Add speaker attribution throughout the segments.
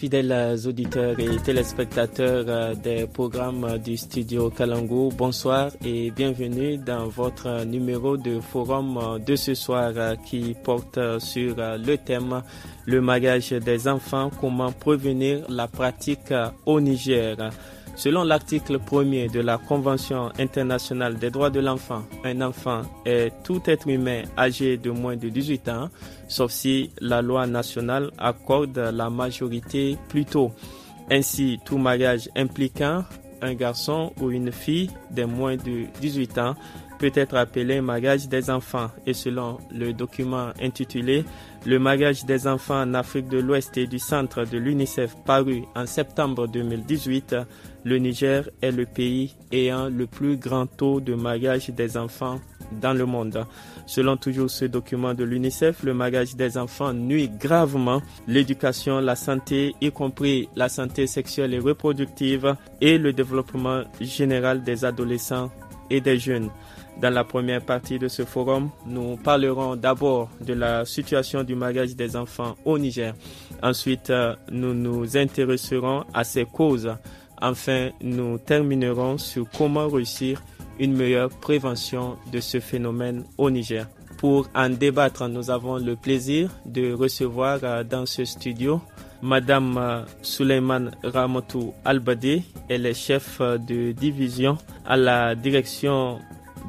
Speaker 1: Fidèles auditeurs et téléspectateurs euh, des programmes euh, du studio Kalango, bonsoir et bienvenue dans votre numéro de forum euh, de ce soir qui porte sur le thème le mariage des enfants, comment prévenir la pratique au Niger. Selon l'article 1er de la Convention internationale des droits de l'enfant, un enfant est tout être humain âgé de moins de 18 ans, sauf si la loi nationale accorde la majorité plus tôt. Ainsi, tout mariage impliquant un garçon ou une fille de moins de 18 ans peut être appelé mariage des enfants et selon le document intitulé Le mariage des enfants en Afrique de l'Ouest et du Centre de l'UNICEF paru en septembre 2018, le Niger est le pays ayant le plus grand taux de mariage des enfants dans le monde. Selon toujours ce document de l'UNICEF, le mariage des enfants nuit gravement l'éducation, la santé, y compris la santé sexuelle et reproductive, et le développement général des adolescents et des jeunes. Dans la première partie de ce forum, nous parlerons d'abord de la situation du mariage des enfants au Niger. Ensuite, euh, nous nous intéresserons à ses causes Enfin, nous terminerons sur comment réussir une meilleure prévention de ce phénomène au Niger. Pour en débattre, nous avons le plaisir de recevoir euh, dans ce studio Madame euh, Suleiman Ramatou Albadé. Elle est chef euh, de division à la direction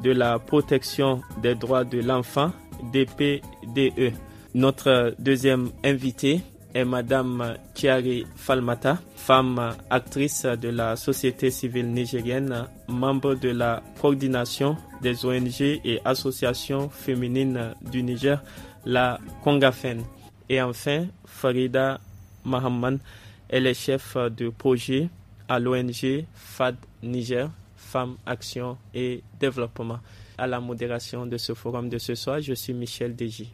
Speaker 1: de la protection des droits de l'enfant, DPDE. Notre deuxième invité et Madame Thierry Falmata, femme actrice de la société civile nigérienne, membre de la coordination des ONG et associations féminines du Niger, la Congafen. Et enfin, Farida Mahamman, elle est chef de projet à l'ONG FAD Niger, Femmes, Action et Développement. À la modération de ce forum de ce soir, je suis Michel Deji.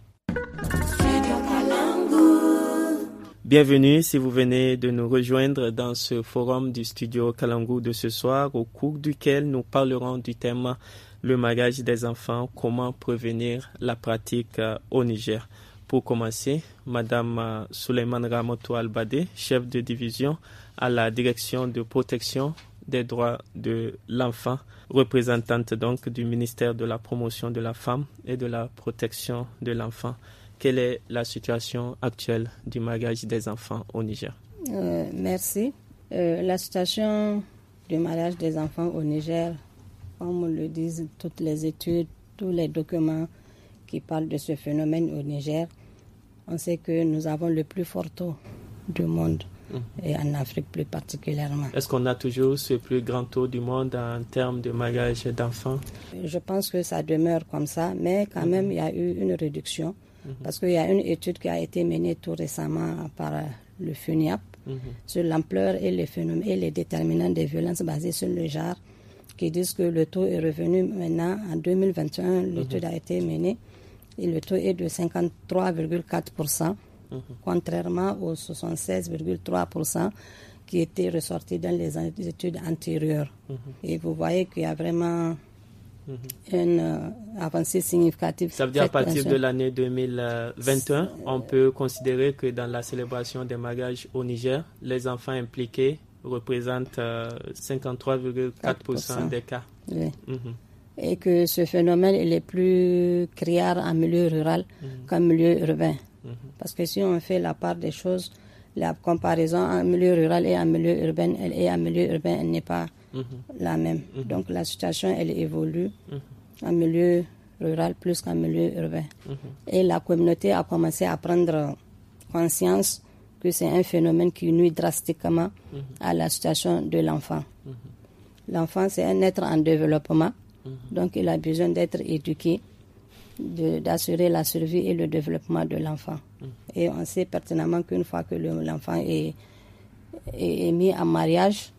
Speaker 1: Bienvenue si vous venez de nous rejoindre dans ce forum du studio Kalangou de ce soir, au cours duquel nous parlerons du thème le mariage des enfants, comment prévenir la pratique euh, au Niger. Pour commencer, Madame euh, Souleymane Ramoto Albade, chef de division à la direction de protection des droits de l'enfant, représentante donc du ministère de la promotion de la femme et de la protection de l'enfant quelle est la situation actuelle du mariage des enfants au Niger
Speaker 2: euh, Merci. Euh, la situation du mariage des enfants au Niger, comme le disent toutes les études, tous les documents qui parlent de ce phénomène au Niger, on sait que nous avons le plus fort taux du monde mhm. et en Afrique plus particulièrement. Est-ce qu'on a toujours
Speaker 1: ce plus grand taux du monde en termes de mariage d'enfants
Speaker 2: Je pense que ça demeure comme ça, mais quand mhm. même, il y a eu une réduction. Mhm. Parce qu'il y a une étude qui a été menée tout récemment par euh, le FUNIAP mhm. sur l'ampleur et les phénomènes et les déterminants des violences basées sur le genre, qui disent que le taux est revenu maintenant en 2021. Mhm. L'étude a été menée et le taux est de 53,4%, contrairement aux 76,3% qui étaient ressortis dans les études antérieures. Et vous voyez qu'il y a vraiment Mm-hmm. une euh, avancée significative. Ça veut dire à partir de
Speaker 1: l'année 2021, on peut considérer que dans la célébration des mariages au Niger, les enfants impliqués représentent 53,4% euh, des cas.
Speaker 2: Mm-hmm. Et que ce phénomène il est plus criard en milieu rural mm-hmm. qu'en milieu urbain. Parce que si on fait la part des choses, la comparaison en milieu rural et en milieu urbain, elle est en milieu urbain, n'est pas Mhm. la même. Mhm. Donc la situation, elle évolue mhm. en milieu rural plus qu'en milieu urbain. Et la communauté a commencé à prendre conscience que c'est un phénomène qui nuit drastiquement à la situation de l'enfant. L'enfant, c'est un être en développement, donc il a besoin d'être éduqué, d'assurer la survie et le développement de l'enfant. Et on sait pertinemment qu'une fois que l'enfant est, mis en mariage,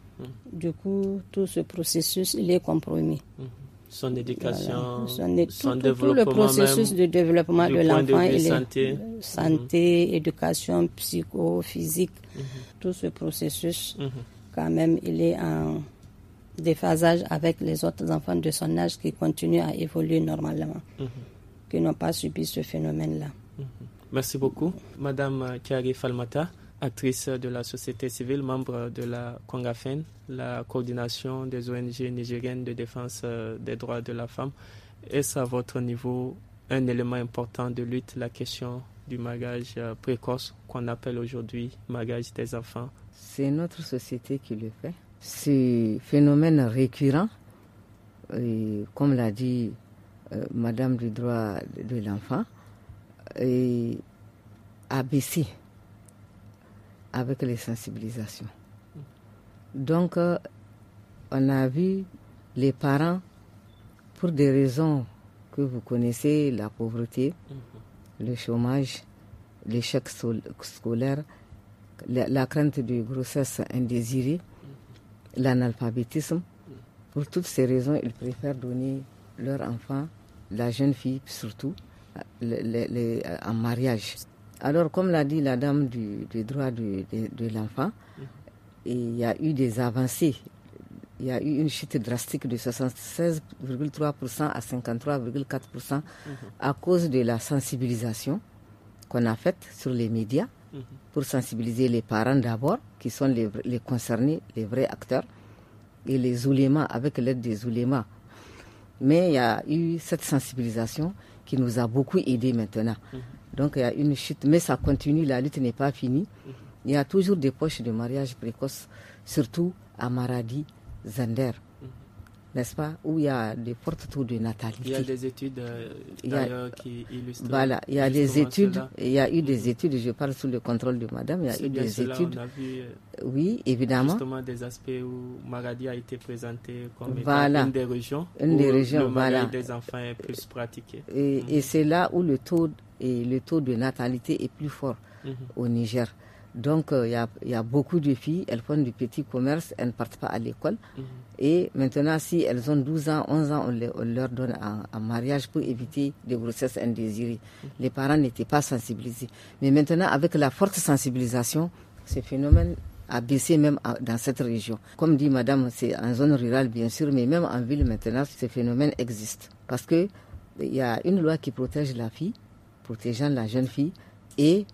Speaker 2: du coup, tout ce processus, il est compromis. Mhm.
Speaker 1: Son éducation, son, développement le processus de développement de l'enfant, il est santé,
Speaker 2: santé mhm. éducation psychophysique, mhm. tout ce processus, quand même, il est en déphasage avec les autres enfants de son âge qui continuent à évoluer normalement, qui n'ont pas subi ce phénomène-là.
Speaker 1: Merci beaucoup. Madame Kari Falmata, actrice de la société civile, membre de la CONGAFEN, la coordination des ONG nigériennes de défense euh, des droits de la femme. Est-ce à votre niveau un élément important de lutte, la question du mariage euh, précoce qu'on appelle aujourd'hui mariage des enfants C'est
Speaker 3: notre société qui le fait. Ce phénomène récurrent. comme l'a dit euh, Madame du droit de l'enfant, et abaissé avec les sensibilisations. Donc, euh, on a vu les parents, pour des raisons que vous connaissez, la pauvreté, mhm. le chômage, l'échec scolaire, la, crainte de grossesse indésirée, mhm. l'analphabétisme. Mhm. Pour toutes ces raisons, ils préfèrent donner leur enfant, la jeune fille surtout, en mariage. Alors, comme l'a dit la dame du, droit de, l'enfant, mm-hmm. il y a eu des avancées. Il y a eu une chute drastique de 76,3% à 53,4% mm-hmm. à cause de la sensibilisation qu'on a faite sur les médias mm-hmm. pour sensibiliser les parents d'abord, qui sont les, concernés, les vrais acteurs, et les oulémas, avec l'aide des oulémas. Mais il y a eu cette sensibilisation qui nous a beaucoup aidés maintenant. Donc il y a une chute, mais ça continue, la lutte n'est pas finie. Il y a toujours des poches de mariage précoce, surtout à Maradi, Zander, n'est-ce pas, où il y a des portes-tours de natalité. Il y a des études euh, d'ailleurs, qui illustrent. Voilà, il y a des études, il y a eu des mhm. études, je parle sous le contrôle de madame, il y a eu des études. On a vu, euh, oui, évidemment. Justement,
Speaker 1: des aspects où Maradi a été présenté comme une des régions. où le voilà. des enfants est plus pratiqué. et mhm. c'est
Speaker 3: là où le taux et le taux de natalité est plus fort mhm. au Niger. Donc, euh, il y, a, beaucoup de filles, elles font du petit commerce, elles ne partent pas à l'école. Mhm. Et maintenant, si elles ont 12 ans, 11 ans, on, leur donne un, mariage pour éviter des grossesses indésirées. Mhm. Les parents n'étaient pas sensibilisés. Mais maintenant, avec la forte sensibilisation, ce phénomène a baissé même dans cette région. Comme dit madame, c'est en zone rurale, bien sûr, mais même en ville, maintenant, ce phénomène existe. Parce que il y a une loi qui protège la fille protégeant la jeune fille et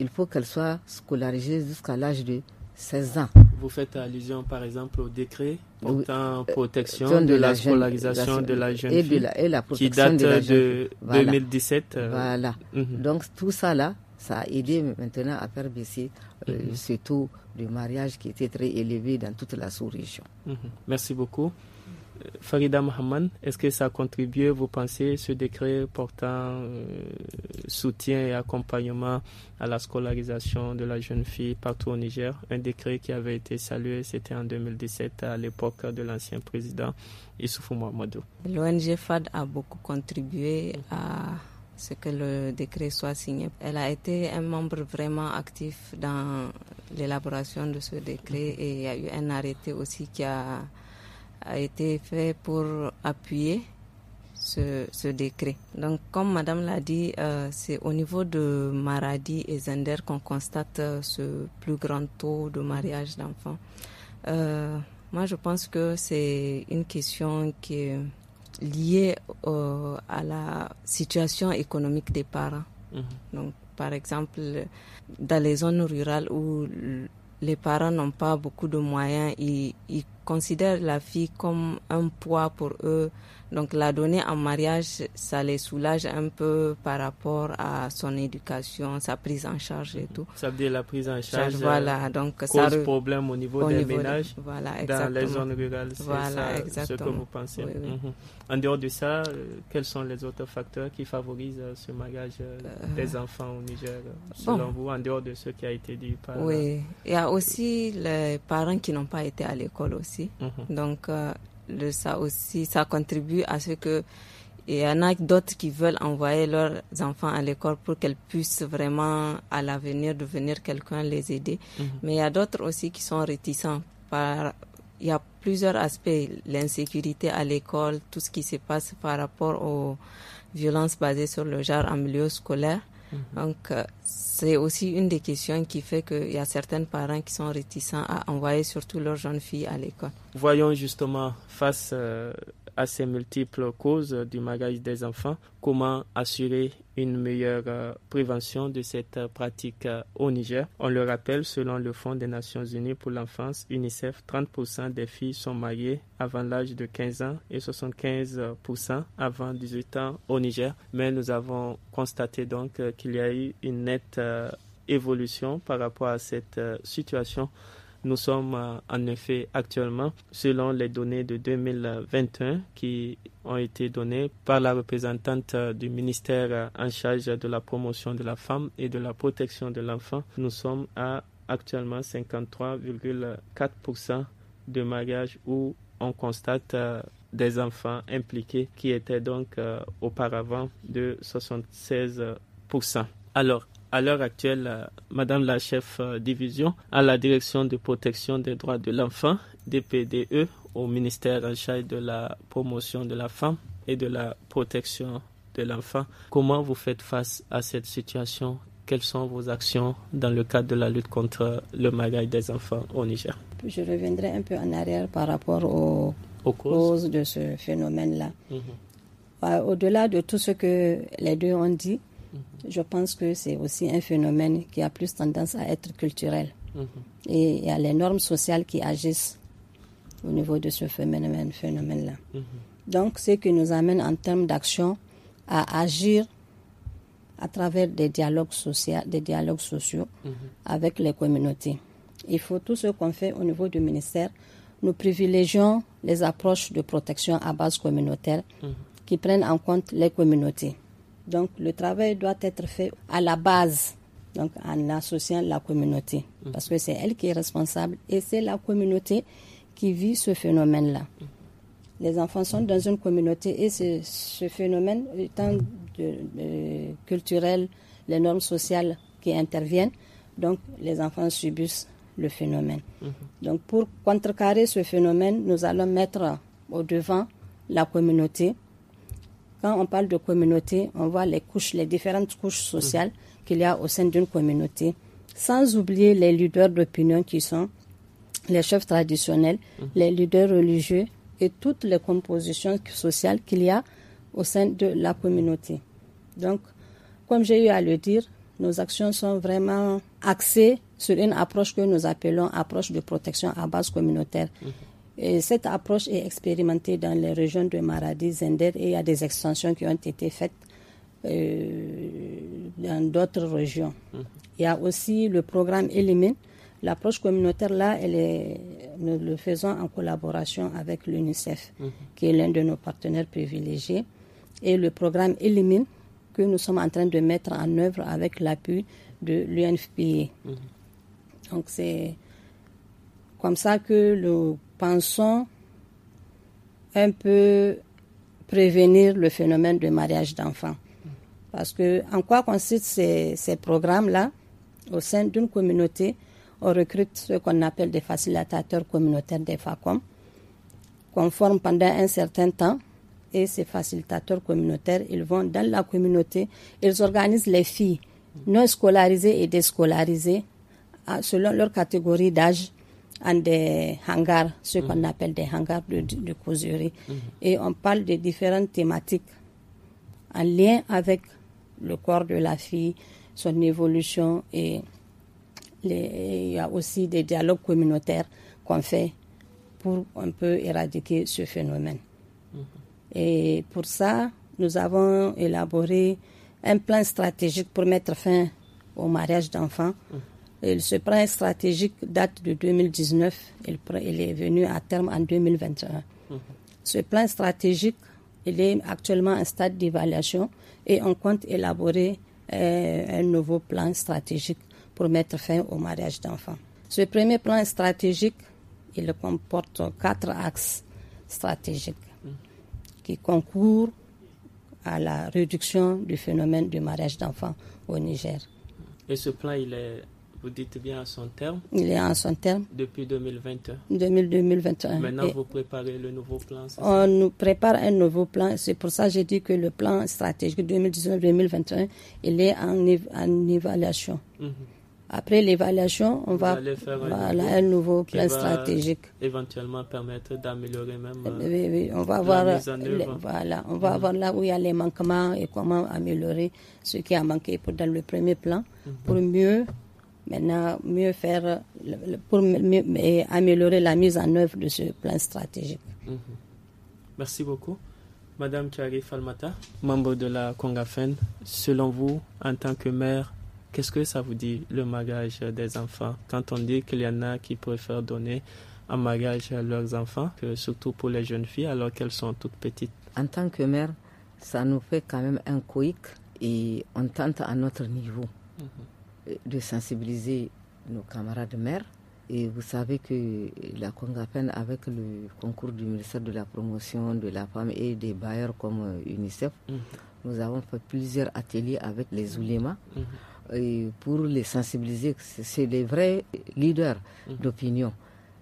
Speaker 3: il faut qu'elle soit scolarisée jusqu'à l'âge de 16 ans.
Speaker 1: Vous faites allusion par exemple au décret portant euh, protection de, la, scolarisation de la jeune et fille de la, qui date de, 2017. Voilà.
Speaker 3: Euh, mhm. Donc tout ça là, ça a aidé maintenant à faire baisser euh, mhm. ce taux de mariage qui était très élevé dans toute la sous-région.
Speaker 1: Mhm. Merci beaucoup. Farida Mohamed, est-ce que ça a contribué, vous pensez, ce décret portant euh, soutien et accompagnement à la scolarisation de la jeune fille partout au Niger Un décret qui avait été salué, c'était en 2017 à l'époque de l'ancien président Issoufou Mouamadou.
Speaker 4: L'ONG FAD a beaucoup contribué à ce que le décret soit signé. Elle a été un membre vraiment actif dans l'élaboration de ce décret mm-hmm. et il y a eu un arrêté aussi qui a a été fait pour appuyer ce, ce décret. Donc, comme Madame l'a dit, euh, c'est au niveau de Maradi et Zender qu'on constate euh, ce plus grand taux de mariage d'enfants. Euh, moi, je pense que c'est une question qui est liée à la situation économique des parents. Mhm. Donc, par exemple, dans les zones rurales où les parents n'ont pas beaucoup de moyens. Ils, considèrent la fille comme un poids pour eux, donc la donner en mariage, ça les soulage un peu par rapport à son éducation, sa prise en charge et tout. Ça
Speaker 1: veut dire la prise en charge. voilà, euh, donc ça cause problème au niveau des ménages dans les zones rurales. Voilà, ça, ce que vous pensez. Mhm. En dehors de ça, euh, quels sont les autres facteurs qui favorisent euh, ce mariage des enfants au Niger, selon vous, en dehors de ce qui a été dit par. Oui,
Speaker 4: il y a aussi les parents qui n'ont pas été à l'école aussi. Mhm. Donc le, ça aussi, ça contribue à ce que il y en a d'autres qui veulent envoyer leurs enfants à l'école pour qu'elles puissent vraiment à l'avenir devenir quelqu'un, les aider. Mhm. Mais il y a d'autres aussi qui sont réticents. Par, il y a plusieurs aspects, l'insécurité à l'école, tout ce qui se passe par rapport aux violences basées sur le genre en milieu scolaire. Mhm. Donc, euh, c'est aussi une des questions qui fait qu'il y a certains parents qui sont réticents à envoyer surtout leurs jeunes filles à l'école.
Speaker 1: Voyons justement face euh, à ces multiples causes du mariage des enfants, comment assurer une meilleure euh, prévention de cette euh, pratique euh, au Niger. On le rappelle, selon le Fonds des Nations Unies pour l'enfance, UNICEF, 30% des filles sont mariées avant l'âge de 15 ans et 75% avant 18 ans au Niger. Mais nous avons constaté donc qu'il y a eu une nette évolution par rapport à cette situation. Nous sommes euh, en effet actuellement, selon les données de 2021 qui ont été données par la représentante euh, du ministère euh, en charge de la promotion de la femme et de la protection de l'enfant, nous sommes à actuellement 53,4% de mariages où on constate des enfants impliqués qui étaient donc auparavant de 76%. Alors, à l'heure actuelle euh, Madame la chef euh, division à la direction de protection des droits de l'enfant, DPDE, au ministère en charge de la promotion de la femme et de la protection de l'enfant. Comment vous faites face à cette situation Quelles sont vos actions dans le cadre de la lutte contre le mariage des enfants au Niger
Speaker 2: Je reviendrai un peu en arrière par rapport aux, causes. de ce phénomène-là. Mhm. Euh, au-delà de tout ce que les deux ont dit, je pense que c'est aussi un phénomène qui a plus tendance à être culturel. Mhm. Et il y a les normes sociales qui agissent au niveau de ce phénomène-là. Mhm. Donc, ce qui nous amène en termes d'action à agir à travers des dialogues, sociaux, des dialogues sociaux mhm. avec les communautés. Il faut tout ce qu'on fait au niveau du ministère. Nous privilégions les approches de protection à base communautaire qui prennent en compte les communautés. Donc le travail doit être fait à la base, donc en associant la communauté, mm. parce que c'est elle qui est responsable et c'est la communauté qui vit ce phénomène-là. Mm. Les enfants sont dans une communauté et ce phénomène, tant de, culturel, les normes sociales qui interviennent, donc les enfants subissent le phénomène. Mm-hmm. Donc pour contrecarrer ce phénomène, nous allons mettre au devant la communauté quand on parle de communauté, on voit les couches, les différentes couches sociales qu'il y a au sein d'une communauté, sans oublier les leaders d'opinion qui sont les chefs traditionnels, les leaders religieux et toutes les compositions sociales qu'il y a au sein de la communauté. Donc, comme j'ai eu à le dire, nos actions sont vraiment axées sur une approche que nous appelons approche de protection à base communautaire cette approche est expérimentée dans les régions de Maradi, Zender et il y a des extensions qui ont été faites euh, dans d'autres régions. Mhm. Il y a aussi le programme Elimine. L'approche communautaire, là, elle est, nous le faisons en collaboration avec l'UNICEF, mhm. qui est l'un de nos partenaires privilégiés. Et le programme Elimine, que nous sommes en train de mettre en œuvre avec l'appui de l'UNFPA. Mhm. Donc, c'est comme ça que le pensons un peu prévenir le phénomène de mariage d'enfants. Parce que en quoi consiste ces, programmes-là Au sein d'une communauté, on recrute ce qu'on appelle des facilitateurs communautaires des FACOM, qu'on forme pendant un certain temps. Et ces facilitateurs communautaires, ils vont dans la communauté, ils organisent les filles non scolarisées et déscolarisées selon leur catégorie d'âge en des hangars, ce mhm. qu'on appelle des hangars de, de causerie. Mhm. Et on parle de différentes thématiques en lien avec le corps de la fille, son évolution et il y a aussi des dialogues communautaires qu'on fait pour un peu éradiquer ce phénomène. Mhm. Et pour ça, nous avons élaboré un plan stratégique pour mettre fin au mariage d'enfants ce plan stratégique date de 2019. Il, il est venu à terme en 2021. Mhm. Ce plan stratégique, il est actuellement en stade d'évaluation et on compte élaborer euh, un nouveau plan stratégique pour mettre fin au mariage d'enfants. Ce premier plan stratégique, il comporte quatre axes stratégiques mhm. qui concourent à la réduction du phénomène du mariage d'enfants au Niger.
Speaker 1: Et ce plan, il est vous dites bien à son terme Il est à son terme. Depuis 2021 2021. Maintenant, vous préparez le nouveau plan On nous
Speaker 2: prépare un nouveau plan. C'est pour ça que j'ai dit que le plan stratégique 2019-2021, il est en, évaluation. Mhm. Après l'évaluation, on va faire un, nouveau, plan stratégique.
Speaker 1: Éventuellement permettre d'améliorer même. Euh, on va voir. voilà, on va mhm. voir
Speaker 2: là où il y a les manquements et comment améliorer ce qui a manqué pour, dans le premier plan mhm. pour mieux maintenant mieux faire pour améliorer la mise en œuvre de ce plan stratégique.
Speaker 1: Mhm. Merci beaucoup. Madame Thierry Falmata, membre de la Congafen, selon vous, en tant que mère, qu'est-ce que ça vous dit le mariage des enfants Quand on dit qu'il y en a qui préfèrent donner un mariage à leurs enfants, que surtout pour les jeunes filles alors qu'elles sont toutes petites.
Speaker 3: En tant que mère, ça nous fait quand même un couic et on tente à notre niveau. Mhm. Euh, de sensibiliser nos camarades maires. Et vous savez que la Congapen, avec le concours du ministère de la Promotion de la Femme et des bailleurs comme euh, UNICEF, mm-hmm. nous avons fait plusieurs ateliers avec les mm-hmm. oulémas mm-hmm. pour les sensibiliser. C'est les vrais leaders d'opinion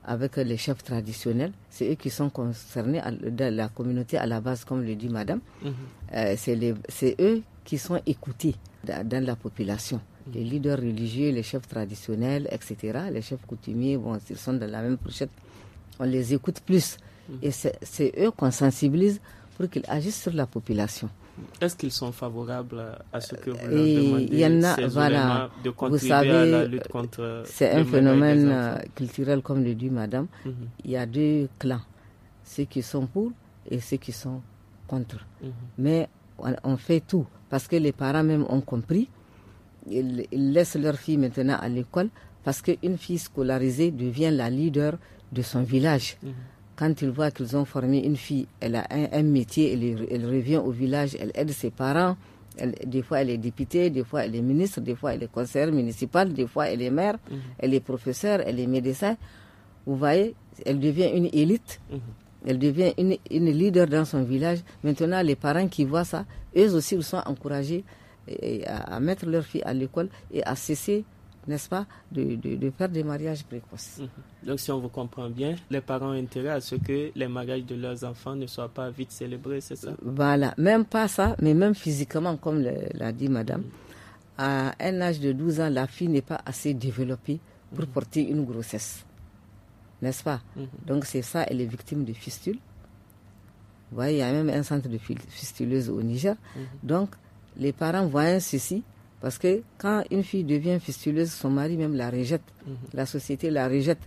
Speaker 3: avec les chefs traditionnels. C'est eux qui sont concernés dans la communauté à la base, comme le dit madame. Euh, c'est eux qui sont écoutés dans la population les leaders religieux, les chefs traditionnels, etc., les chefs coutumiers, bon, ils sont dans la même pochette, on les écoute plus. Mhm. Et c'est eux qu'on sensibilise pour qu'ils agissent sur la population.
Speaker 1: Est-ce qu'ils sont favorables à ce que vous leur demandez Il y en a, voilà, vous savez, euh, c'est un phénomène euh,
Speaker 3: culturel, comme le dit madame. Mhm. Il y a deux clans, ceux qui sont pour et ceux qui sont contre. Mhm. Mais on, fait tout, parce que les parents même ont compris ils, laissent leur fille maintenant à l'école parce qu'une fille scolarisée devient la leader de son village. Mhm. Quand ils voient qu'ils ont formé une fille, elle a un, métier, elle, revient au village, elle aide ses parents. des fois, elle est députée, des fois, elle est ministre, des fois, elle est conseillère municipale, des fois, elle est maire, mhm. elle est professeure, elle est médecin. Vous voyez, elle devient une élite. Mhm. Elle devient une, une leader dans son village. Maintenant, les parents qui voient ça, eux aussi, ils sont encouragés et à, mettre leur fille à l'école et à cesser n'est-ce pas, de, de, faire des mariages
Speaker 1: précoces. Mhm. Donc, si on vous comprend bien, les parents ont intérêt à ce que les mariages de leurs enfants ne soient pas vite célébrés, c'est ça euh,
Speaker 3: Voilà, même pas ça, mais même physiquement, comme l'a dit madame, mhm. à un âge de 12 ans, la fille n'est pas assez développée pour mhm. porter une grossesse. N'est-ce pas Donc, c'est ça, elle est victime de fistules. Vous voyez, il y a même un centre de fistuleuse au Niger. Donc, les parents voyaient ceci, parce que quand une fille devient fistuleuse, son mari même la rejette, mhm. la société la rejette.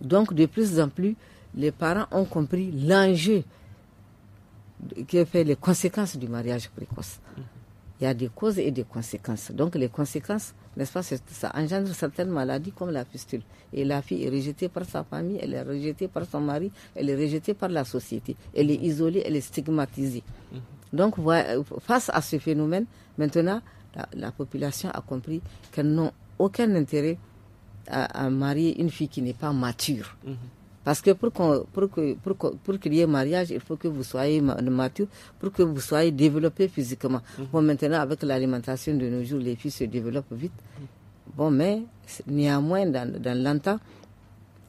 Speaker 3: Donc de plus en plus, les parents ont compris l'enjeu qui fait les conséquences du mariage précoce. Mhm. Il y a des causes et des conséquences. Donc les conséquences, n'est-ce pas, ça engendre certaines maladies comme la fistule. Et la fille est rejetée par sa famille, elle est rejetée par son mari, elle est rejetée par la société, elle est mhm. isolée, elle est stigmatisée. Donc, face à ce phénomène, maintenant, la, population a compris qu'elles n'ont aucun intérêt à, marier une fille qui n'est pas mature. Mhm. Parce que pour, qu'il y ait mariage, il faut que vous soyez mature, pour que vous soyez développé physiquement. Mhm. Bon, maintenant, avec l'alimentation de nos jours, les filles se développent vite. Mhm. Bon, mais néanmoins, dans, dans longtemps,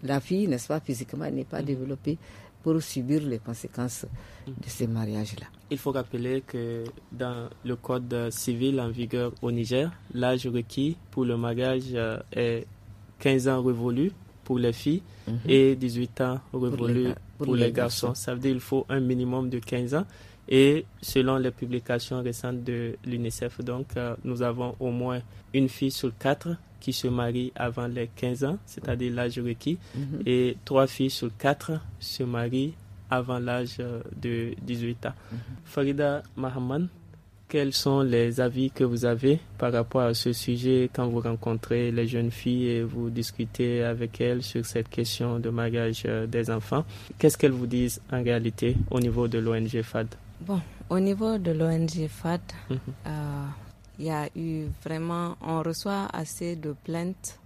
Speaker 3: la fille, n'est-ce pas, physiquement, n'est pas développée pour subir les conséquences de ces mariages-là.
Speaker 1: Il faut rappeler que dans le code civil en vigueur au Niger, l'âge requis pour le mariage euh, est 15 ans révolu pour les filles mhm. et 18 ans révolu pour les, garçons. garçons. Ça veut dire qu'il faut un minimum de 15 ans. Et selon les publications récentes de l'UNICEF, donc, euh, nous avons au moins une fille sur quatre qui se marie avant les 15 ans, c'est-à-dire l'âge requis, mhm. et trois filles sur quatre se marient avant l'âge euh, de 18 ans. Mhm. Farida Mahaman, quels sont les avis que vous avez par rapport à ce sujet quand vous rencontrez les jeunes filles et vous discutez avec elles sur cette question de mariage euh, des enfants Qu'est-ce qu'elles vous disent en réalité au niveau de l'ONG FAD
Speaker 4: au niveau de l'ONG FAD, il mhm. euh, y a eu vraiment, on reçoit assez de plaintes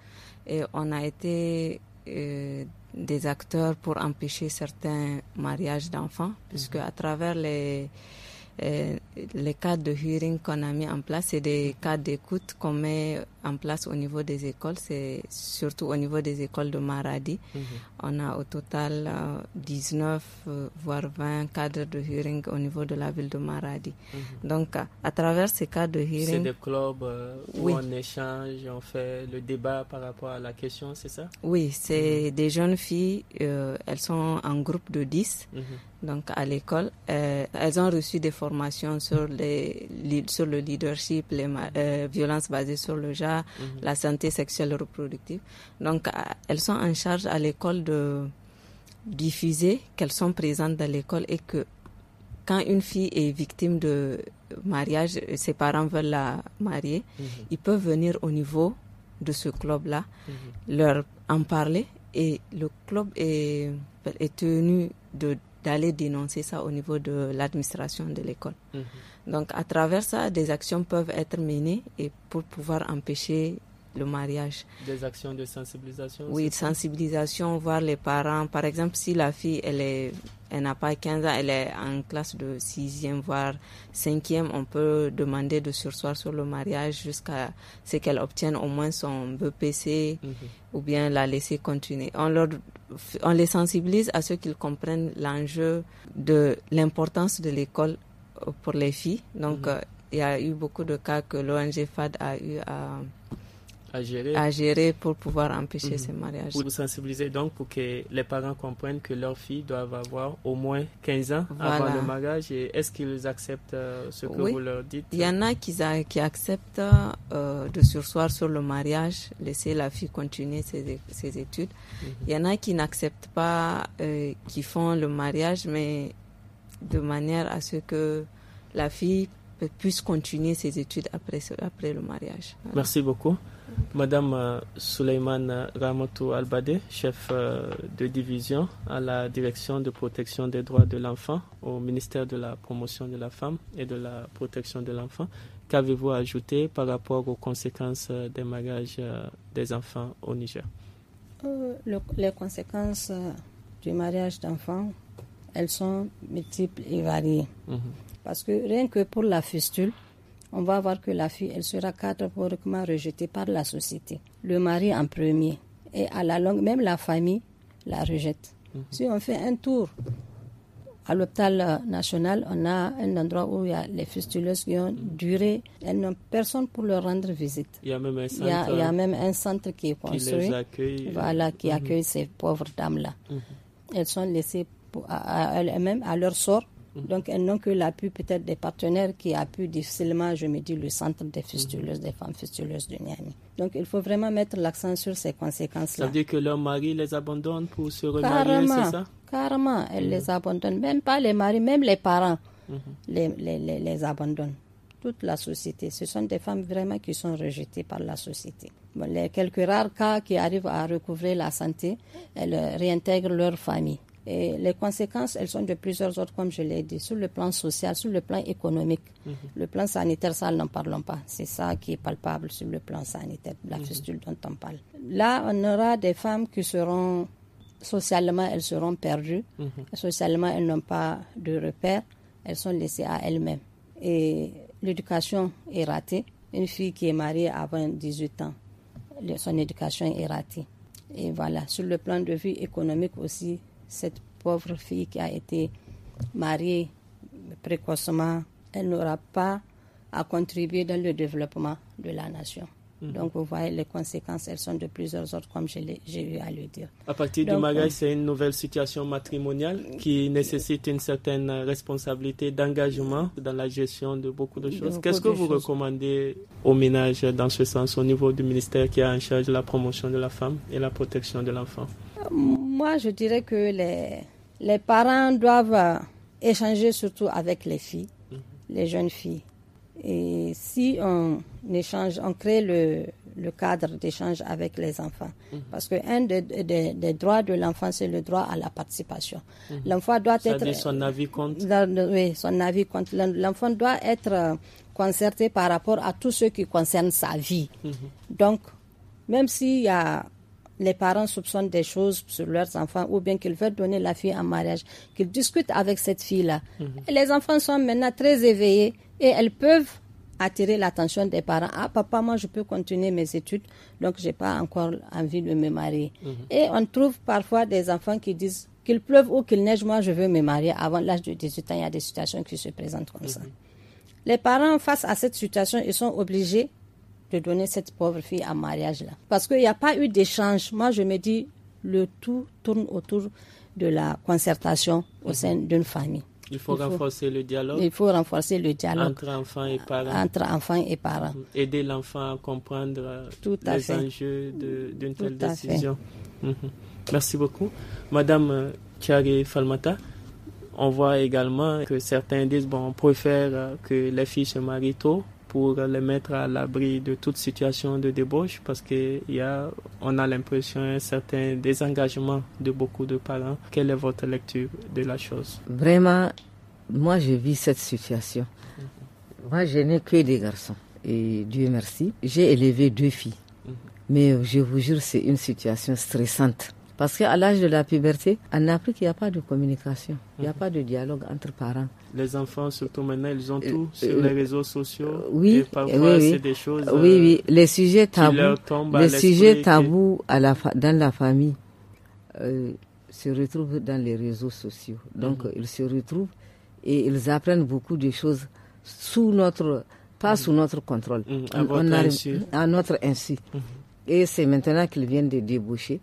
Speaker 4: et on a été euh, des acteurs pour empêcher certains mariages d'enfants, puisque mhm. à travers les euh, les cas de hearing qu'on a mis en place, et des cas d'écoute qu'on met en place au niveau des écoles, c'est surtout au niveau des écoles de Maradi. Mhm. On a au total 19 euh, euh, voire 20 cadres de hearing au niveau de la ville de Maradi. Mhm. Donc à, travers ces cadres de hearing, c'est des clubs euh, où on
Speaker 1: échange, on fait le débat par rapport à la question, c'est ça Oui, c'est
Speaker 4: mhm. des jeunes filles, elles sont en groupe de 10 donc à l'école. elles ont reçu des formations sur, le leadership, les violences basées sur le genre, Mhm. la santé sexuelle et reproductive. Donc, euh, elles sont en charge à l'école de diffuser qu'elles sont présentes dans l'école et que quand une fille est victime de mariage, euh, ses parents veulent la marier, mhm. ils peuvent venir au niveau de ce club-là, mhm. leur en parler et le club est, est tenu d'aller dénoncer ça au niveau de l'administration de l'école. Donc à travers ça, des actions peuvent être menées et pour pouvoir empêcher le mariage.
Speaker 5: Des
Speaker 1: actions de sensibilisation Oui, de
Speaker 4: sensibilisation, voir les parents. Par exemple, si la fille, elle est elle n'a pas 15 ans, elle est en classe de 6e, voire 5e, on peut demander de sursoir sur le mariage jusqu'à ce qu'elle obtienne au moins son BPC mhm. ou bien la laisser continuer. on les sensibilise à ce qu'ils comprennent l'enjeu de l'importance de l'école pour les filles. Donc, mhm. euh, il y a eu beaucoup de cas que l'ONG FAD a eu à,
Speaker 1: à gérer. pour pouvoir empêcher mhm. ces mariages. Vous sensibilisez donc pour que les parents comprennent que leurs filles doivent avoir au moins 15 ans avant le mariage et est-ce qu'ils acceptent euh, ce que vous leur dites Il
Speaker 4: y en a qui, acceptent euh, de sursoir sur le mariage, laisser la fille continuer ses, études. Mhm. Il y en a qui n'acceptent pas, qui font le mariage mais de manière à ce que la fille puisse continuer ses études après, après le mariage.
Speaker 1: Merci beaucoup. Madame euh, Souleymane ramoto Albade, chef euh, de division à la direction de protection des droits de l'enfant au ministère de la promotion de la femme et de la protection de l'enfant. Qu'avez-vous ajouté par rapport aux conséquences euh, des mariages des enfants au Niger
Speaker 2: Les conséquences du mariage d'enfants elles sont multiples et variées. Mhm. Parce que rien que pour la fistule, on va voir que la fille, elle sera catégoriquement rejetée par la société. Le mari en premier. Et à la longue, même la famille la rejette. Mhm. Si on fait un tour à l'hôpital euh, national, on a un endroit où il y a les fistuleuses qui ont mhm. duré. Elles n'ont personne pour leur rendre visite. Il
Speaker 1: y a même
Speaker 2: un centre, qui est construit. Qui Voilà, qui accueille ces pauvres dames-là. Elles sont laissées à, leur sort. Mhm. Donc, elles n'ont que l'appui peut-être des partenaires qui appuient difficilement, je me dis, le centre des mhm. fistuleuses, des femmes fistuleuses de Niamey. Donc, il faut vraiment mettre l'accent sur ces conséquences-là. Ça veut
Speaker 1: dire que leur mari les abandonne pour se remarier, c'est ça Carrément, elles mhm. les
Speaker 2: abandonnent. Même pas les maris, même les parents les, les, les, abandonnent toute la société. Ce sont des femmes vraiment qui sont rejetées par la société. les quelques rares cas qui arrivent à recouvrir la santé, elles euh, réintègrent leur famille. Et les conséquences, elles sont de plusieurs ordres, comme je l'ai dit, sur le plan social, sur le plan économique. Mhm. Le plan sanitaire, ça, n'en parlons pas. C'est ça qui est palpable sur le plan sanitaire, la mhm. fistule dont on parle. Là, on aura des femmes qui seront, socialement, elles seront perdues. Mhm. Socialement, elles n'ont pas de repères. Elles sont laissées à elles-mêmes. Et l'éducation est ratée. Une fille qui est mariée avant 18 ans, son éducation est ratée. Et voilà, sur le plan de vie économique aussi, cette pauvre fille qui a été mariée précocement, elle n'aura pas à contribuer dans le développement de la nation. Mhm. Donc, vous voyez, les conséquences, elles sont de plusieurs ordres, comme j'ai eu à le dire. À partir du mariage, euh,
Speaker 1: c'est une nouvelle situation matrimoniale qui euh, nécessite une certaine responsabilité d'engagement dans la gestion de beaucoup de choses. Qu'est-ce que vous recommandez aux ménages dans ce sens au niveau du ministère qui a en charge de la promotion de la femme et la protection de l'enfant
Speaker 2: moi, je dirais que les, les parents doivent euh, échanger surtout avec les filles, mhm. les jeunes filles. Et si on échange, on crée le, le cadre d'échange avec les enfants. Mhm. Parce que un des, des, droits de l'enfant, c'est le droit à la participation. Mhm. L'enfant doit être. son avis compte. oui, son avis compte. L'enfant doit être euh, concerté par rapport à tout ce qui concerne sa vie. Donc, même s'il y a les parents soupçonnent des choses sur leurs enfants ou bien qu'ils veulent donner la fille en mariage, qu'ils discutent avec cette fille-là. Mhm. Les enfants sont maintenant très éveillés et elles peuvent attirer l'attention des parents. Ah, papa, moi, je peux continuer mes études, donc j'ai pas encore envie de me marier. Mhm. Et on trouve parfois des enfants qui disent qu'il pleuve ou qu'il neige, moi, je veux me marier avant l'âge de 18 ans. Il y a des situations qui se présentent comme mhm. ça. Les parents, face à cette situation, ils sont obligés de donner cette pauvre fille en mariage là. Parce qu'il n'y a pas eu d'échange. Moi, je me dis, le tout tourne autour de la concertation au sein mhm. d'une famille. Il faut,
Speaker 1: renforcer le dialogue. Il faut
Speaker 2: renforcer le dialogue
Speaker 1: entre enfants et parents. Entre
Speaker 2: enfants et parents. Mhm.
Speaker 1: Aider l'enfant à comprendre euh, Tout à les enjeux d'une telle décision. Mhm. Merci beaucoup, Madame Thierry euh, Falmata. On voit également que certains disent bon, on préfère euh, que les filles se marient tôt pour les mettre à l'abri de toute situation de débauche parce que y a, on a l'impression un certain désengagement de beaucoup de parents. Quelle est votre lecture de la chose
Speaker 3: Vraiment, moi je vis cette situation. Mhm. Moi je n'ai que des garçons et Dieu merci, j'ai élevé deux filles. Mhm. Mais je vous jure, c'est une situation stressante parce qu'à l'âge de la puberté, en Afrique, il n'y a pas de communication,
Speaker 1: il n'y a mhm. pas de dialogue entre parents. Les enfants, surtout maintenant, ils ont euh, tout sur euh, les réseaux sociaux. Euh, oui, oui, oui. les
Speaker 3: sujets tabous. Les sujets tabous à la dans la famille se retrouvent dans les réseaux sociaux. Donc, mhm. ils se retrouvent et ils apprennent beaucoup de choses sous notre, pas sous mhm. notre contrôle, à, à, notre insu. Et c'est maintenant qu'ils viennent de déboucher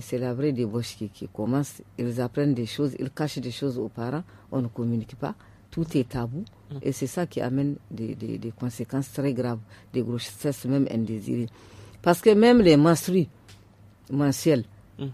Speaker 3: c'est la vraie débauche qui, commence. Ils apprennent des choses, ils cachent des choses aux parents, on ne communique pas, tout est tabou. Mm. Et c'est ça qui amène des, des, conséquences très graves, des grossesses même indésirées. Parce que même les menstrues mensuelles, mm-hmm.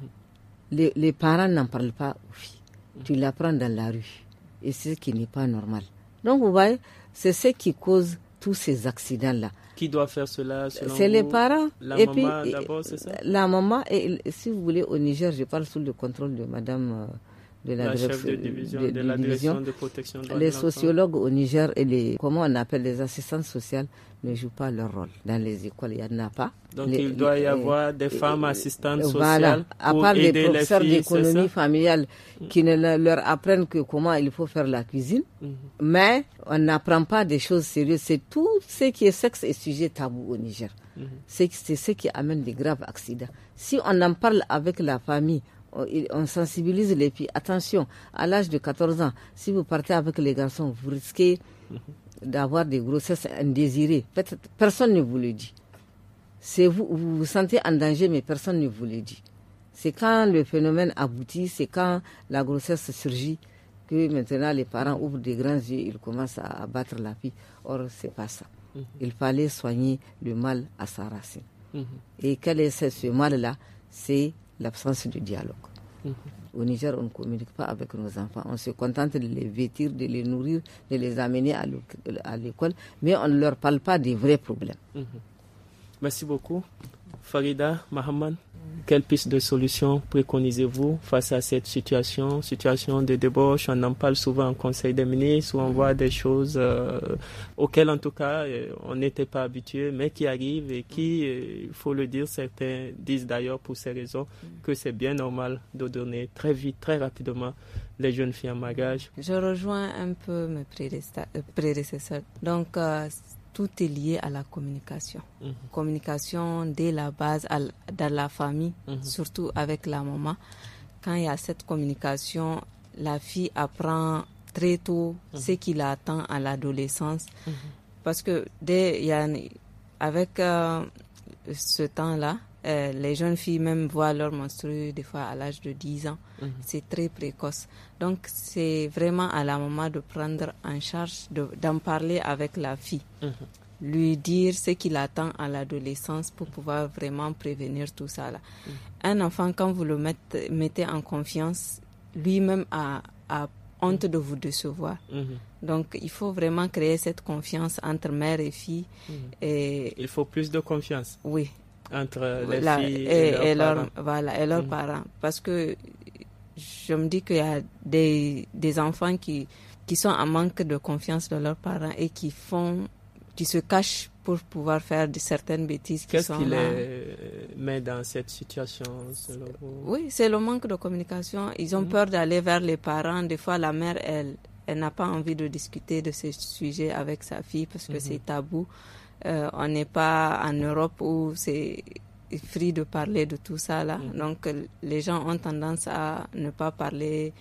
Speaker 3: les, les, parents n'en parlent pas aux filles. Mm. Tu l'apprends dans la rue. Et c'est ce qui n'est pas normal. Donc vous voyez, c'est ce qui cause tous ces accidents-là.
Speaker 1: Qui doit faire cela C'est les parents. La et maman d'abord, c'est ça
Speaker 3: La maman, et, si vous voulez, au Niger, je parle sous le contrôle de Madame. Euh, de la, de
Speaker 1: division de, de protection de Les sociologues
Speaker 3: au Niger et les, comment on appelle les assistantes sociales ne jouent pas leur rôle. Dans les écoles, il n'y en a pas. Donc il doit y avoir
Speaker 1: des femmes assistantes sociales. Voilà. À part les professeurs d'économie
Speaker 3: familiale qui ne leur apprennent que comment il faut faire la cuisine. Mhm. Mais on n'apprend pas des choses sérieuses. C'est tout ce qui est sexe et sujet tabou au Niger. Mhm. C'est ce qui amène des graves accidents. Si on en parle avec la famille, on sensibilise les filles. Attention, à l'âge de 14 ans, si vous partez avec les garçons, vous risquez d'avoir des grossesses indésirées. Personne ne vous le dit. C'est vous, vous sentez en danger, mais personne ne vous le dit. C'est quand le phénomène aboutit, c'est quand la grossesse surgit que maintenant les parents ouvrent des grands yeux, ils commencent à abattre la fille. Or, c'est pas ça. Mhm. Il fallait soigner le mal à sa racine. Mhm. Et quel est ce mal-là C'est l'absence de dialogue. Mhm. Au Niger, on ne communique pas avec nos enfants. On se contente de les vêtir, de les nourrir, de les amener à l'école, mais on ne leur parle pas des vrais problèmes.
Speaker 1: Mhm. Merci beaucoup. Farida, Mohamed quelle piste de solution préconisez-vous face à cette situation, situation de débauche On en parle souvent en Conseil des ministres où on mm-hmm. voit des choses euh, auxquelles, en tout cas, euh, on n'était pas habitué, mais qui arrivent et qui, mm-hmm. euh, il faut le dire, certains disent d'ailleurs pour ces raisons mm-hmm. que c'est bien normal de donner très vite, très rapidement les jeunes filles en mariage.
Speaker 4: Je rejoins un peu mes prédécesseurs. Donc, tout est lié à la communication. Mhm. Communication dès la base, dans la famille, mhm. surtout avec la maman. Quand il y a cette communication, la fille apprend très tôt mhm. ce qui attend à l'adolescence. Parce que dès, y a, avec euh, ce temps-là, euh, les jeunes filles même voient leur menstrues des fois à l'âge de 10 ans. Mhm. C'est très précoce. Donc c'est vraiment à la maman de prendre en charge, d'en parler avec la fille. Mhm. Lui dire ce qu'il attend à l'adolescence pour pouvoir vraiment prévenir tout ça. Là. Mhm. Un enfant, quand vous le mettez, mettez en confiance, lui-même a, honte de vous décevoir. Donc, il faut vraiment créer cette confiance entre mère
Speaker 1: et fille. et... Il faut plus de confiance. Oui, entre les filles et, leurs parents. Voilà, et leurs mm. parents. Parce
Speaker 4: que je me dis qu'il y a des, des enfants qui, qui sont en manque de confiance de leurs parents et qui font, qui se cachent pour pouvoir faire de certaines bêtises Qu'est-ce qui, les
Speaker 1: met dans cette situation Oui,
Speaker 4: c'est le manque de communication. Ils ont mm. peur d'aller vers les parents. Des fois, la mère, elle, elle n'a pas envie de discuter de ce sujet avec sa fille parce que mm-hmm. c'est tabou. Euh, on n'est pas en Europe où c'est free de parler de tout ça là. Mm. Donc les gens ont tendance à ne pas parler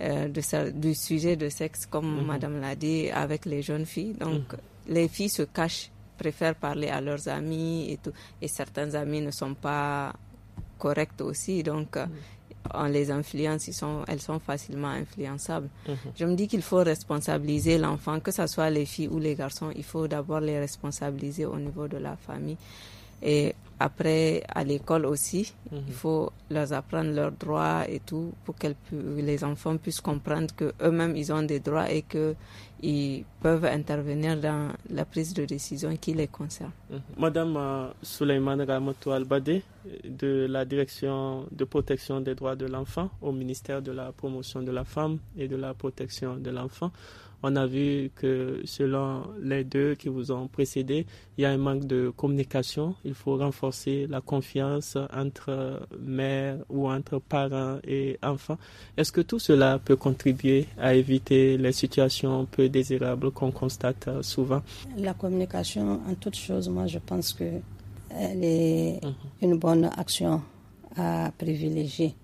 Speaker 4: euh, de du sujet de sexe comme mm-hmm. Madame l'a dit avec les jeunes filles. Donc mm. les filles se cachent, préfèrent parler à leurs amis et Et certains amis ne sont pas corrects aussi. Donc mm en les influence, ils sont, elles sont facilement influençables. Mhm. Je me dis qu'il faut responsabiliser l'enfant, que ce soit les filles ou les garçons, il faut d'abord les responsabiliser au niveau de la famille. Et après, à l'école aussi, mhm. il faut leur apprendre leurs droits et tout pour que les enfants puissent comprendre que eux-mêmes ils ont des droits et que ils peuvent intervenir dans la prise de décision qui les concerne.
Speaker 1: Mhm. Madame euh, Souleymane Ramoto Albade de la Direction de protection des droits de l'enfant au ministère de la promotion de la femme et de la protection de l'enfant. On a vu que selon les deux qui vous ont précédé, il y a un manque de communication. Il faut renforcer la confiance entre mère ou entre parents et enfants. Est-ce que tout cela peut contribuer à éviter les situations peu désirables qu'on constate souvent
Speaker 2: La communication, en toute chose, moi je pense que est mhm. une bonne action à privilégier.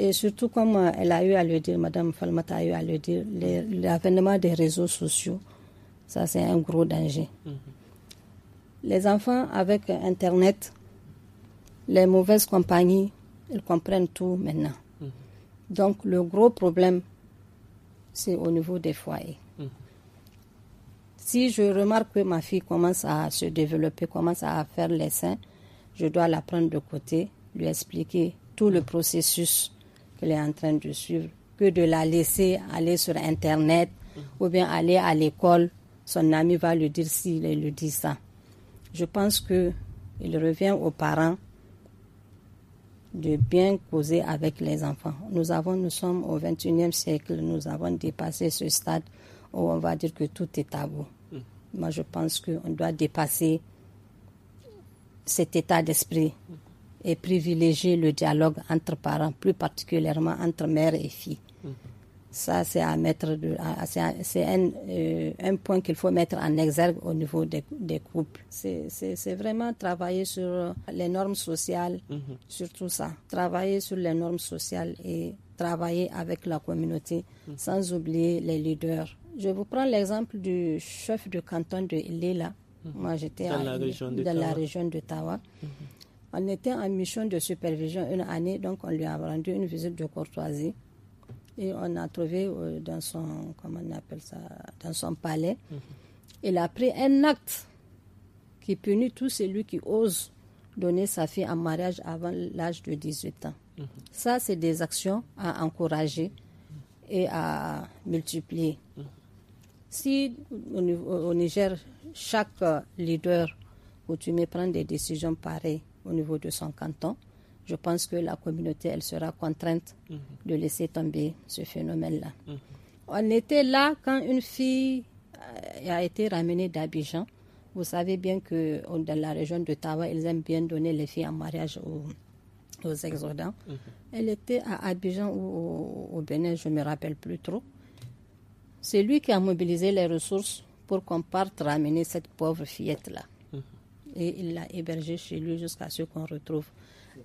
Speaker 2: Et surtout, comme elle a eu à le dire, Madame Falmata a eu à le dire, l'avènement des réseaux sociaux, ça c'est un gros danger. Mhm. Les enfants avec Internet, les mauvaises compagnies, ils comprennent tout maintenant. Mhm. Donc le gros problème, c'est au niveau des foyers. Mhm. Si je remarque que ma fille commence à se développer, commence à faire les seins, je dois la prendre de côté, lui expliquer tout le processus qu'elle est en train de suivre que de la laisser aller sur Internet ou bien aller à l'école. Son ami va lui dire s'il lui dit ça. Je pense que il revient aux parents de bien causer avec les enfants. Nous avons, nous sommes au 21e siècle, nous avons dépassé ce stade où on va dire que tout est tabou. vous. Mm. Moi, je pense qu'on doit dépasser cet état d'esprit et privilégier le dialogue entre parents, plus particulièrement entre mère et fille. Ça, c'est à mettre, c'est euh, un, point qu'il faut mettre en exergue au niveau des, couples. C'est vraiment travailler sur euh, les normes sociales, mhm. surtout sur tout ça. Travailler sur les normes sociales et travailler avec la communauté, mhm. sans oublier les leaders. Je vous prends l'exemple du chef de canton de Lila. Mhm. Moi, j'étais dans, la, région de, la région de Tawa. On était en mission de supervision une année, donc on lui a rendu une visite de courtoisie. Et on a trouvé euh, dans son, comment on appelle ça, dans son palais. Mhm. Il a pris un acte qui punit tout celui qui ose donner sa fille en mariage avant l'âge de 18 ans. Mhm. Ça, c'est des actions à encourager et à multiplier. Mhm. Si au, Niger, chaque euh, leader me prendre des décisions pareilles, au niveau de son canton, je pense que la communauté, elle sera contrainte de laisser tomber ce phénomène-là. Mhm. On était là quand une fille euh, a été ramenée d'Abidjan. Vous savez bien que dans la région de Tawa, ils aiment bien donner les filles en mariage aux, aux mhm. Elle était à Abidjan ou au, au Bénin, je ne me rappelle plus trop. C'est lui qui a mobilisé les ressources pour qu'on parte ramener cette pauvre fillette-là et il l'a hébergé chez lui jusqu'à ce qu'on retrouve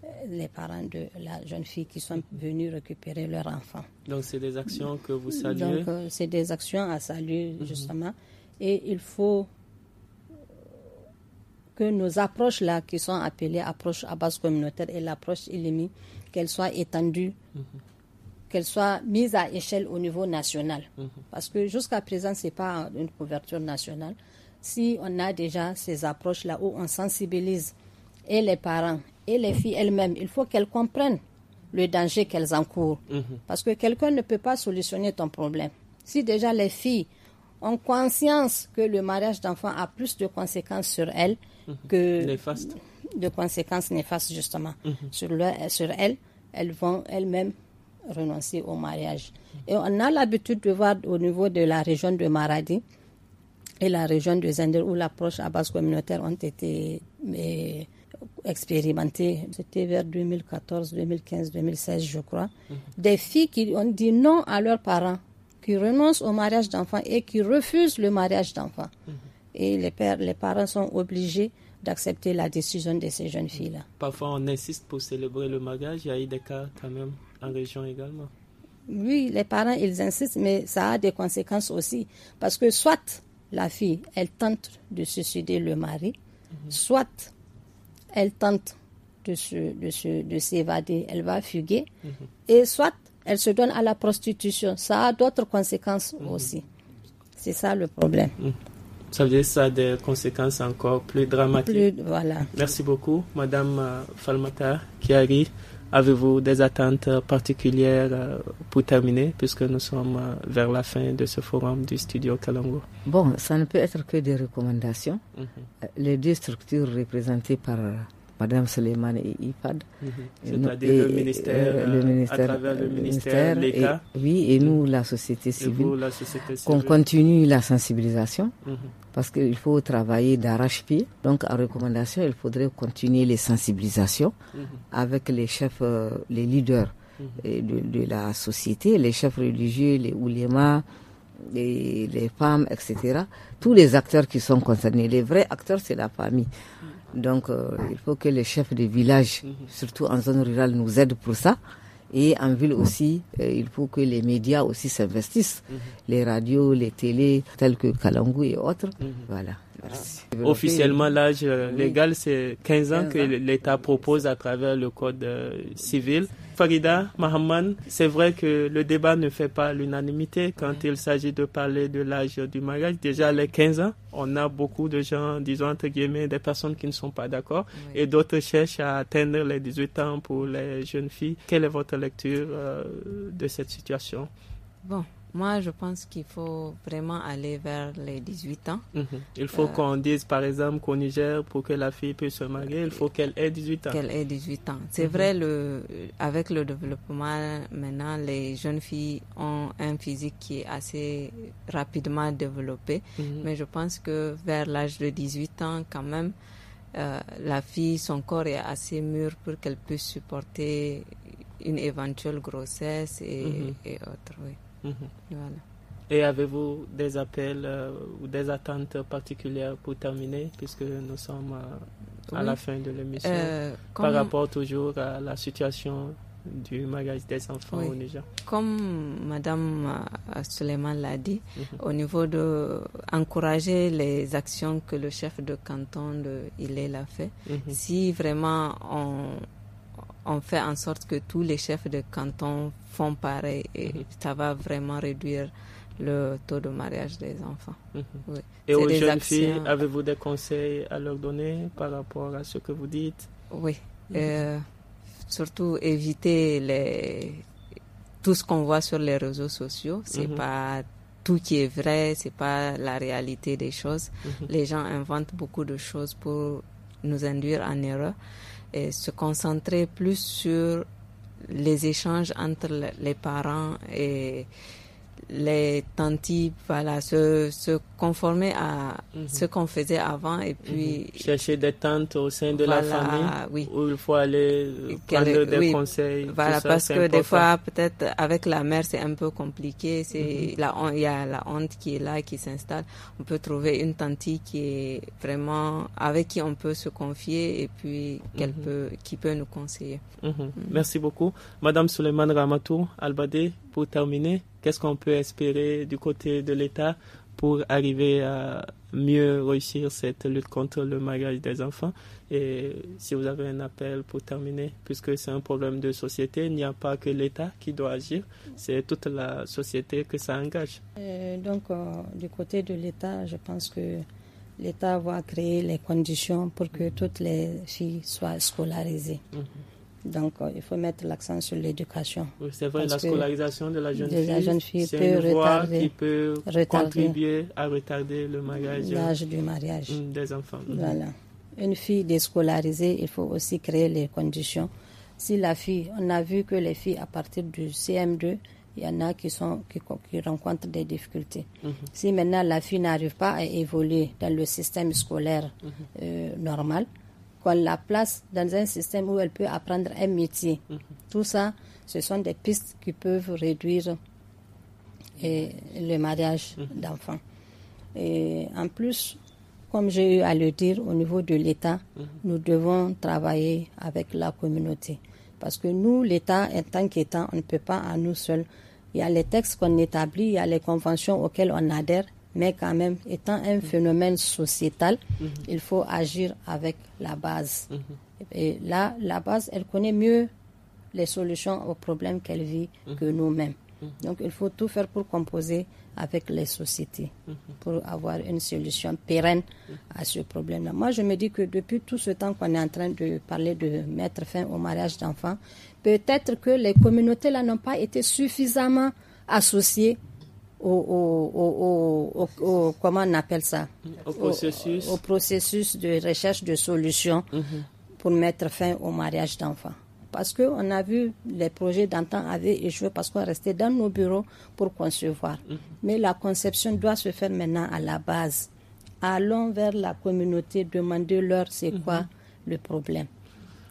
Speaker 2: euh, les parents de la jeune fille qui sont venus récupérer leur enfant.
Speaker 1: Donc c'est des actions que
Speaker 2: vous saluez Donc euh, c'est des actions à saluer mhm. justement. Et il faut euh, que nos approches là qui sont appelées approches à base communautaire et l'approche illimite, qu'elles soient étendues, qu'elle mhm. soit qu'elles soient mises à échelle au niveau national. Mhm. Parce que jusqu'à présent, ce n'est pas une couverture nationale si on a déjà ces approches-là où on sensibilise et les parents et les filles elles-mêmes, il faut qu'elles comprennent le danger qu'elles encourent. Mhm. Parce que quelqu'un ne peut pas solutionner ton problème. Si déjà les filles ont conscience que le mariage d'enfants a plus de conséquences sur elles mhm. que de conséquences néfastes justement mhm. sur, sur elles, elles vont elles-mêmes renoncer au mariage. Et on a l'habitude de voir au niveau de la région de Maradi, et la région de Zender où l'approche à base communautaire ont été mais, eh, expérimentées. C'était vers 2014, 2015, 2016, je crois. Mhm. Des filles qui ont dit non à leurs parents, qui renoncent au mariage d'enfants et qui refusent le mariage d'enfants. Mhm. Et les, pères, les parents sont obligés d'accepter la décision de ces jeunes filles-là. Mhm.
Speaker 1: Parfois, on insiste pour célébrer le mariage. Il y a eu des cas quand même en région également.
Speaker 2: Oui, les parents, ils insistent, mais ça a des conséquences aussi. Parce que soit la fille, elle tente de suicider le mari, mhm. soit elle tente de s'évader, de elle va fuguer, mhm. et soit elle se donne à la prostitution. Ça a d'autres conséquences mhm. aussi. C'est ça le problème.
Speaker 1: Ça veut dire que ça a des conséquences encore plus dramatiques. voilà. Merci beaucoup, Madame euh, Falmata Kiari. Avez-vous des attentes particulières euh, pour terminer, puisque nous sommes euh, vers la fin de ce forum du studio Kalango
Speaker 3: Bon, ça ne peut être que des recommandations. Mhm. Euh, les deux structures représentées par Madame Suleiman et IPAD. Mhm. C'est-à-dire le ministère, l'État. oui, et nous, la société civile. Qu'on continue la sensibilisation, mhm. parce qu'il faut travailler d'arrache-pied. Donc, en recommandation, il faudrait continuer les sensibilisations mhm. avec les chefs, euh, les leaders de, la société, les chefs religieux, les oulémas, les, les femmes, etc. Tous les acteurs qui sont concernés. Les vrais acteurs, c'est la famille. Donc, euh, il faut que les chefs des villages, mhm. surtout en zone rurale, nous aident pour ça. Et en ville aussi, euh, il faut que les médias aussi s'investissent, mhm. les radios, les télés, tels que Kalangou et autres. Mhm. Voilà.
Speaker 1: Officiellement, l'âge euh, légal, c'est 15 ans, que l'État propose à travers le code civil. Farida Mahaman, c'est vrai que le débat ne fait pas l'unanimité quand il s'agit de parler de l'âge du mariage. Déjà, les 15 ans, on a beaucoup de gens, disons entre guillemets, des personnes qui ne sont pas d'accord et d'autres cherchent à atteindre les 18 ans pour les jeunes filles. Quelle est votre lecture euh, de cette situation
Speaker 5: Bon,
Speaker 4: moi, je pense qu'il faut vraiment aller vers les 18 ans. Mhm. Il faut euh, qu'on
Speaker 1: dise, par exemple, qu'au gère pour que la fille puisse se marier, il faut qu'elle ait 18 ans. Qu'elle ait 18 ans. C'est mhm. vrai,
Speaker 4: le, avec le développement, maintenant, les jeunes filles ont un physique qui est assez rapidement développé. Mhm. Mais je pense que vers l'âge de 18 ans, quand même, euh, la fille, son corps est assez mûr pour qu'elle puisse supporter une éventuelle grossesse et, et autres. Oui. Mhm.
Speaker 1: Et avez-vous des appels euh, ou des attentes particulières pour terminer, puisque nous sommes euh, à la fin de l'émission, euh, par rapport toujours à la situation du magasin des enfants au Niger
Speaker 4: Comme Madame Suleiman l'a dit, mhm. au niveau de encourager les actions que le chef de canton de Ilel l'a fait, mhm. si vraiment on on fait en sorte que tous les chefs de canton font pareil et mhm. ça va vraiment réduire le taux de mariage des enfants. Mhm. Et aux jeunes filles,
Speaker 1: avez-vous des conseils à leur donner par rapport à ce que vous dites Oui,
Speaker 4: mhm. euh, surtout éviter les... tout ce qu'on voit sur les réseaux sociaux. C'est pas tout qui est vrai, c'est pas la réalité des choses. Les gens inventent beaucoup de choses pour nous induire en erreur et se concentrer plus sur les échanges entre les parents et les tantes, voilà, ceux, ceux conformer à mhm. ce qu'on faisait avant et puis. Mhm.
Speaker 1: Chercher des tentes au sein de la famille oui. où il faut aller prendre des conseils. Voilà, parce que des fois,
Speaker 4: peut-être avec la mère, c'est un peu compliqué. Mhm. Il y a la honte qui est là, qui s'installe. On peut trouver une tante qui est vraiment. avec qui on peut se confier et puis qu'elle peut, qui peut nous conseiller.
Speaker 1: Merci beaucoup. Madame Suleiman Ramatou, Albadé, pour terminer, qu'est-ce qu'on peut espérer du côté de l'État pour arriver à mieux réussir cette lutte contre le mariage des enfants. Et si vous avez un appel pour terminer, puisque c'est un problème de société, il n'y a pas que l'État qui doit agir, c'est toute la société que ça engage.
Speaker 2: Euh, donc, euh, du côté de l'État, je pense que l'État va créer les conditions pour que toutes les filles soient scolarisées. Mhm. Donc, euh, il faut mettre l'accent sur l'éducation. Oui, c'est vrai, la scolarisation de la jeune de fille, la jeune fille c'est peut une retarder, qui peut retarder, contribuer
Speaker 1: à retarder le mariage. L'âge du mariage. Euh, des enfants. Voilà.
Speaker 2: Une fille déscolarisée, il faut aussi créer les conditions. Si la fille, on a vu que les filles à partir du CM2, il y en a qui, sont, qui, rencontrent des difficultés. Mhm. Si maintenant la fille n'arrive pas à évoluer dans le système scolaire mhm. euh, normal, qu'on la place dans un système où elle peut apprendre un métier. Mhm. Tout ça, ce sont des pistes qui peuvent réduire eh, le mariage mhm. d'enfants. Et en plus, comme j'ai eu à le dire au niveau de l'État, mhm. nous devons travailler avec la communauté. Parce que nous, l'État, en tant qu'État, on ne peut pas à nous seuls. Il y a les textes qu'on établit, il y a les conventions auxquelles on adhère, mais quand même, étant un phénomène sociétal, mhm. il faut agir avec la base. Mhm. Et là, la base, elle connaît mieux les solutions aux problèmes qu'elle vit mhm. que nous-mêmes. Donc, il faut tout faire pour composer avec les sociétés, pour avoir une solution pérenne à ce problème-là. Moi, je me dis que depuis tout ce temps qu'on est en train de parler de mettre fin au mariage d'enfants, peut-être que les communautés-là n'ont pas été suffisamment associées au, comment on appelle ça
Speaker 1: processus. au
Speaker 2: processus. de recherche de solutions mhm. pour mettre fin au mariage d'enfants. Parce qu'on a vu les projets d'antan avaient échoué parce qu'on restait dans nos bureaux pour concevoir. Mhm. Mais la conception doit se faire maintenant à la base. Allons vers la communauté, demandez-leur c'est mhm. quoi le problème.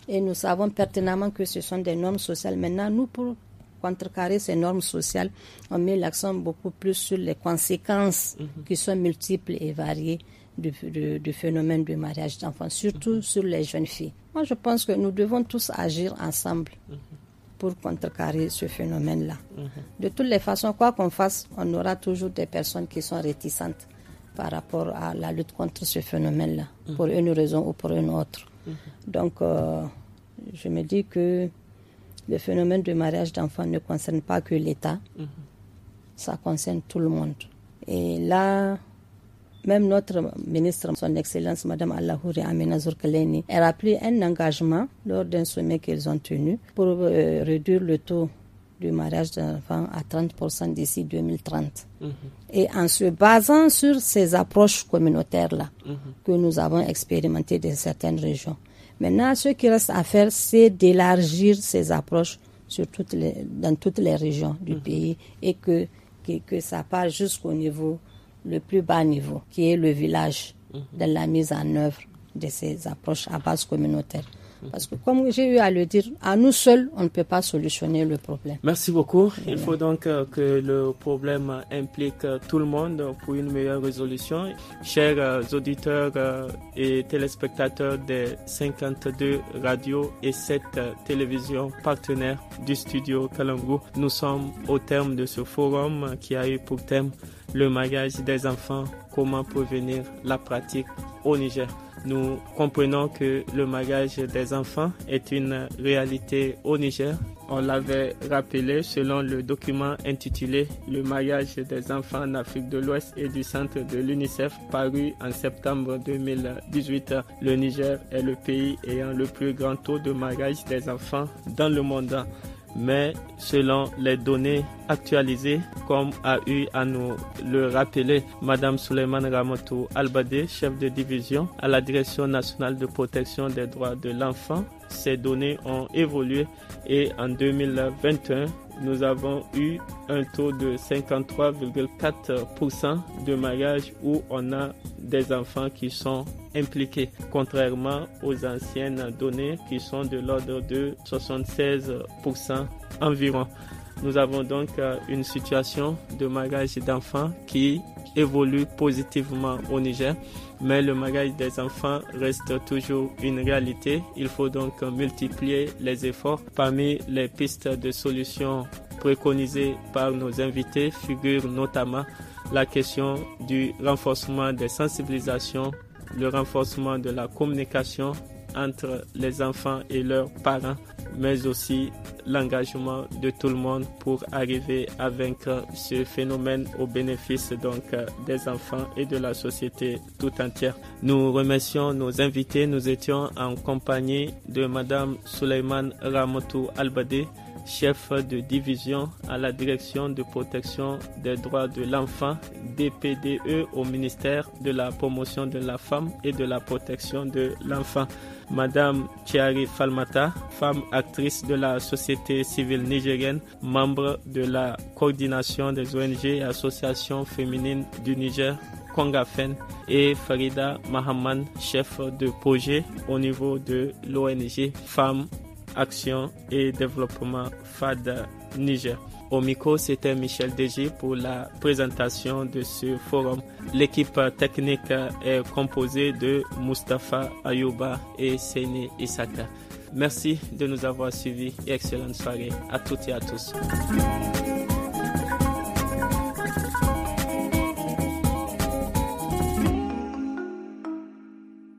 Speaker 2: Et nous savons pertinemment que ce sont des normes sociales. Maintenant, nous, pour contrecarrer ces normes sociales, on met l'accent beaucoup plus sur les conséquences mhm. qui sont multiples et variées du, phénomène du mariage d'enfants, surtout mhm. sur les jeunes filles. Moi, je pense que nous devons tous agir ensemble mhm. pour contrecarrer ce phénomène-là. De toutes les façons, quoi qu'on fasse, on aura toujours des personnes qui sont réticentes par rapport à la lutte contre ce phénomène-là, pour une raison ou pour une autre. Donc, euh, je me dis que le phénomène du mariage d'enfants ne concerne pas que l'État, mhm. ça concerne tout le monde. Et là, même notre ministre, son Excellence Madame Allahouri Amina Kaleni, a pris un engagement lors d'un sommet qu'ils ont tenu pour euh, réduire le taux du mariage d'enfants à 30% d'ici 2030. Mhm. Et en se basant sur ces approches communautaires-là mhm. que nous avons expérimentées dans certaines régions, Maintenant, ce qui reste à faire, c'est d'élargir ces approches dans toutes les régions du mhm. pays et que, que, ça passe jusqu'au niveau, le plus bas niveau, qui est le village, mhm. dans la mise en œuvre de ces approches à base communautaire. Parce que comme j'ai eu à le dire, à nous seuls, on ne peut pas solutionner le problème.
Speaker 1: Merci beaucoup. Il faut donc euh, que le problème euh, implique euh, tout le monde pour une meilleure résolution. Chers auditeurs et téléspectateurs des 52 radios et 7 télévisions partenaires du studio Kalangu, nous sommes au terme de ce forum qui a eu pour thème le mariage des enfants, comment prévenir la pratique au Niger nous comprenons que le mariage des enfants est une réalité au Niger. On l'avait rappelé selon le document intitulé Le mariage des enfants en Afrique de l'Ouest et du centre de l'UNICEF paru en septembre 2018. Le Niger est le pays ayant le plus grand taux de mariage des enfants dans le monde mais selon les données actualisées, comme a eu à nous le rappeler Madame Souleymane Ramoto Albadé, chef de division à la Direction nationale de protection des droits de l'enfant, ces données ont évolué et en 2021, nous avons eu un taux de 53,4% de mariages où on a des enfants qui sont impliqués, contrairement aux anciennes données qui sont de l'ordre de 76% environ. Nous avons donc euh, une situation de mariage d'enfants qui évolue positivement au Niger mais le mariage des enfants reste toujours une réalité. Il faut donc multiplier les efforts. Parmi les pistes de solutions préconisées par nos invités figure notamment la question du renforcement des sensibilisations, le renforcement de la communication entre les enfants et leurs parents, mais aussi l'engagement de tout le monde pour arriver à vaincre ce phénomène au bénéfice donc euh, des enfants et de la société tout entière. Nous remercions nos invités. Nous étions en compagnie de Madame Suleiman Ramotou Albadé, chef de division à la Direction de protection des droits de l'enfant, DPDE, au ministère de la promotion de la femme et de la protection de l'enfant. Madame Thierry Falmata, femme actrice de la société civile nigérienne, membre de la coordination des ONG et associations féminines du Niger, Kongafen, et Farida Mahaman, chef de projet au niveau de l'ONG Femmes Action et Développement FAD Niger. Au micro, c'était Michel DG pour la présentation de ce forum. L'équipe technique est composée de Mustapha Ayouba et Séné Isaka. Merci de nous avoir suivis et excellente soirée à toutes et à tous.